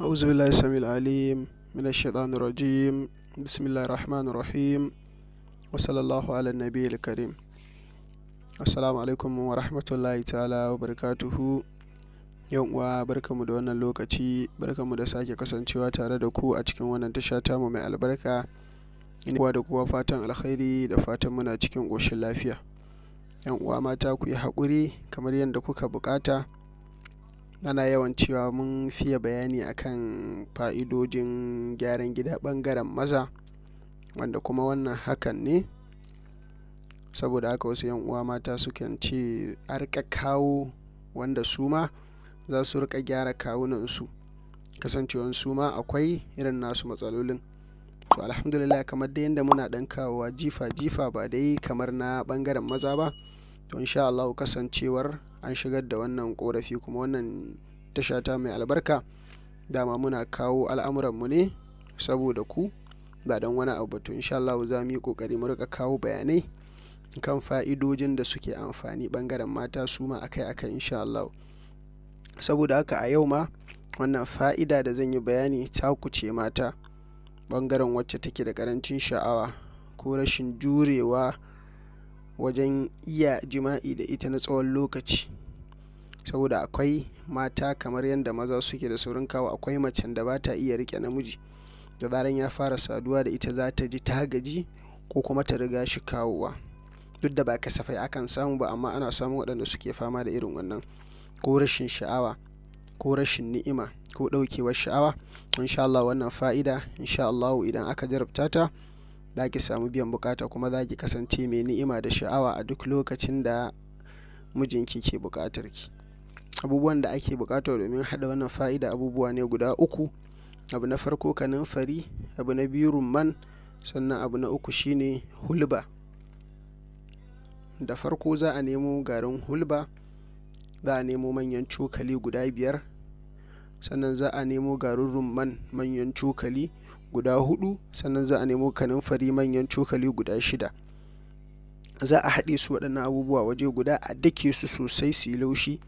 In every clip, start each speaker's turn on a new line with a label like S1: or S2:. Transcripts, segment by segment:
S1: أعوذ بالله السميع العليم من الشيطان الرجيم بسم الله الرحمن uwa barkamu da wannan lokaci barkamu da sake kasancewa tare da ku a cikin wannan tashata tamu mai albarka ina da kowa fatan alkhairi da fatan muna cikin ƙoshin lafiya yan uwa mata ku yi haƙuri kamar yadda kuka buƙata ana yawan cewa mun fiye bayani akan fa'idojin gyaran gida ɓangaren maza wanda kuma wannan hakan ne saboda haka wasu yan uwa mata sukan ce a rika kawo wanda su ma za su rika gyara kawunan su kasancewan su ma akwai irin nasu matsalolin to alhamdulillah kamar da yadda muna dan kawowa jifa jifa ba dai kamar na bangaren maza ba to insha Allah kasancewar an shigar da wannan korafi kuma wannan tasha ta mai albarka dama muna kawo al'amuranmu ne saboda ku ba don wani abu batun insha Allah za mu yi kokari mu rika kawo bayanai kan fa'idojin da suke amfani bangaren mata su ma akai-akai insha Allah saboda haka a yau ma wannan fa'ida da zan yi bayani ta kuce mata bangaren wacce take da karancin sha'awa ko rashin jurewa wajen iya jima'i da ita na tsawon lokaci saboda akwai mata kamar yadda maza suke da saurin kawo akwai macen da ba ta iya rike namiji da zaran ya fara saduwa da ita za ta ji ta gaji ko kuma ta riga shi kawowa duk da ba kasafai akan samu ba amma ana samun waɗanda suke fama da irin wannan ko rashin sha'awa ko rashin ni'ima ko ɗaukewar sha'awa insha Allah wannan fa'ida insha Allah idan aka jarabta ta za ki samu biyan bukata kuma za ki kasance mai ni'ima da sha'awa a duk lokacin da mijinki ke bukatar ki abubuwan da ake bukata domin haɗa wannan fa'ida abubuwa ne guda uku abu na farko fari abu na biyu rumman sannan abu na uku shine hulba da farko za a nemo garin hulba za a nemo manyan cokali guda biyar sannan za a nemo garin rumman manyan cokali guda hudu sannan za a nemo kanunfari manyan cokali guda shida za a haɗe su waɗannan abubuwa waje guda a dake su sosai su yi laushi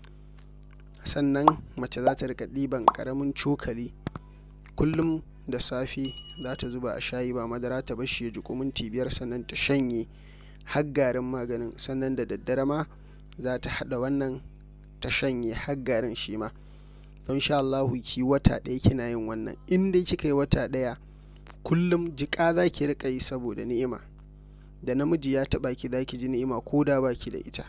S1: sannan mace za ta rika ɗiban ƙaramin cokali kullum da safe za ta zuba a shayi ba madara ta shi ya ji minti biyar sannan ta shanye har maganin sannan da daddare ma za ta haɗa wannan ta shanye har garin shi ma don sha Allahu ki wata ɗaya kina yin wannan in dai kika yi wata ɗaya kullum jiƙa za ki riƙa yi saboda ni'ima da namiji ya taɓa ki za ki ji ni'ima ko da ba ki da ita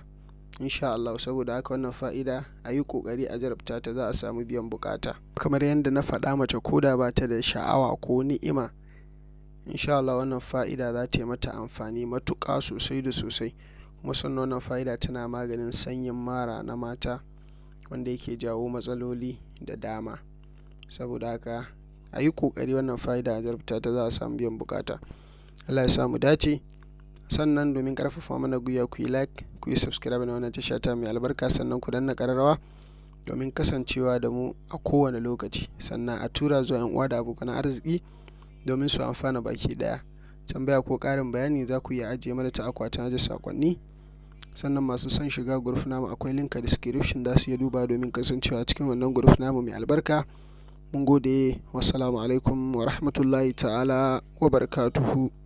S1: insha Allah saboda haka wannan fa'ida a yi ƙoƙari a jarabta ta za a samu biyan buƙata kamar yadda na faɗa mace ko da ba ta da sha'awa ko ni'ima insha Allah wannan fa'ida za ta yi mata amfani matuƙa sosai da sosai kuma sannan wannan fa'ida tana maganin sanyin mara na mata wanda yake jawo matsaloli da dama saboda haka a yi ƙoƙari wannan fa'ida a jarabta ta za a samu biyan buƙata Allah ya sa dace sannan domin ƙarfafa mana gwiwa ku yi like ku yi subscribe na wannan tasha ta mai albarka sannan ku danna ƙararrawa domin kasancewa da mu a kowane lokaci sannan a tura zuwa 'yan uwa da abokan arziki domin su amfana baki ɗaya tambaya ko ƙarin bayani za ku iya ajiye mana ta akwatin ajiye sakonni sannan masu son shiga guruf namu akwai link a description za su iya duba domin kasancewa cikin wannan guruf namu mai albarka mun gode wassalamu alaikum wa rahmatullahi ta'ala wa barakatuhu